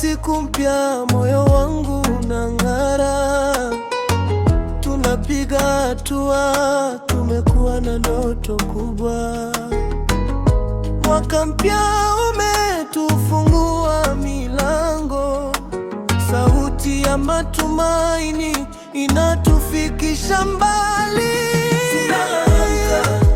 siku mpya, moyo wangu unang'ara, tunapiga hatua, tumekuwa na ndoto kubwa. Mwaka mpya umetufungua milango, sauti ya matumaini inatufikisha mbali. Tunaanza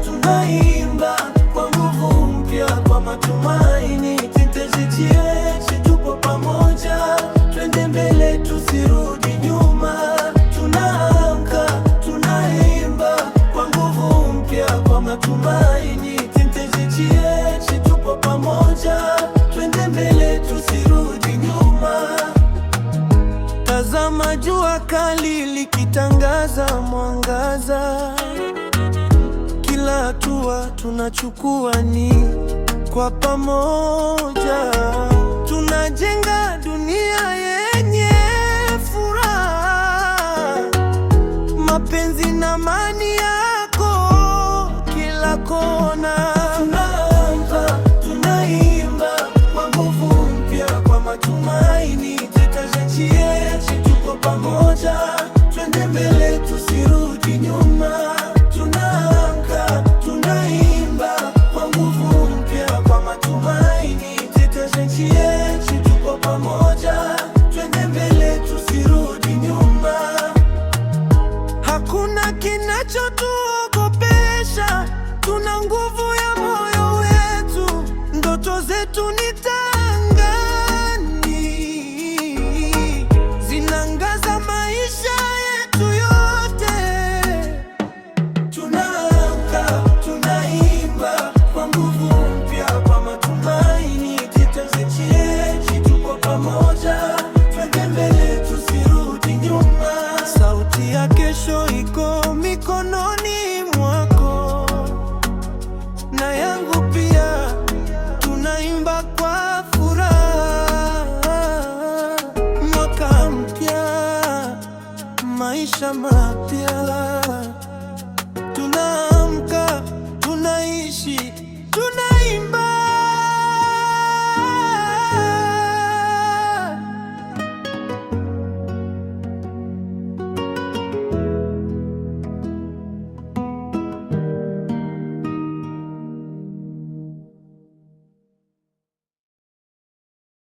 kama jua kali likitangaza mwangaza. Kila hatua tunachukua ni kwa pamoja, tunajenga dunia yenye furaha, mapenzi na amani yako kila kona. Tunaimba, tunaimba kwa nguvu mpya, kwa matumaini yaliyotuogopesha, tuna nguvu ya moyo wetu, ndoto zetu ni maisha mapya